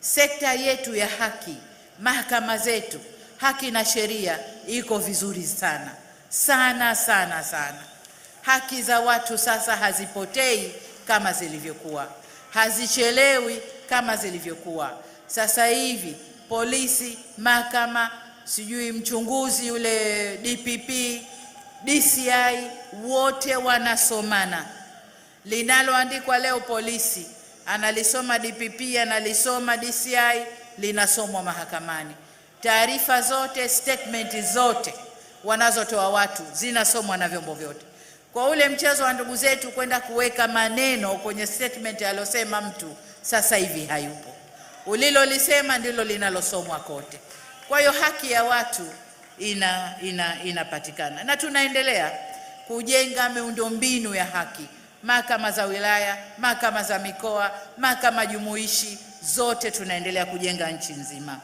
sekta yetu ya haki, mahakama zetu, haki na sheria iko vizuri sana sana sana sana. Haki za watu sasa hazipotei kama zilivyokuwa, hazichelewi kama zilivyokuwa. Sasa hivi polisi, mahakama, sijui mchunguzi yule DPP, DCI, wote wanasomana. Linaloandikwa leo polisi analisoma DPP, analisoma DCI, linasomwa mahakamani. Taarifa zote, statement zote wanazotoa watu zinasomwa na vyombo vyote. Kwa ule mchezo wa ndugu zetu kwenda kuweka maneno kwenye statement aliyosema mtu, sasa hivi hayupo. Ulilolisema ndilo linalosomwa kote. Kwa hiyo haki ya watu ina, ina, inapatikana na tunaendelea kujenga miundombinu ya haki mahakama za wilaya, mahakama za mikoa, mahakama jumuishi, zote tunaendelea kujenga nchi nzima.